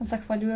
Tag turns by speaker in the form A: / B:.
A: Zahvaljujem.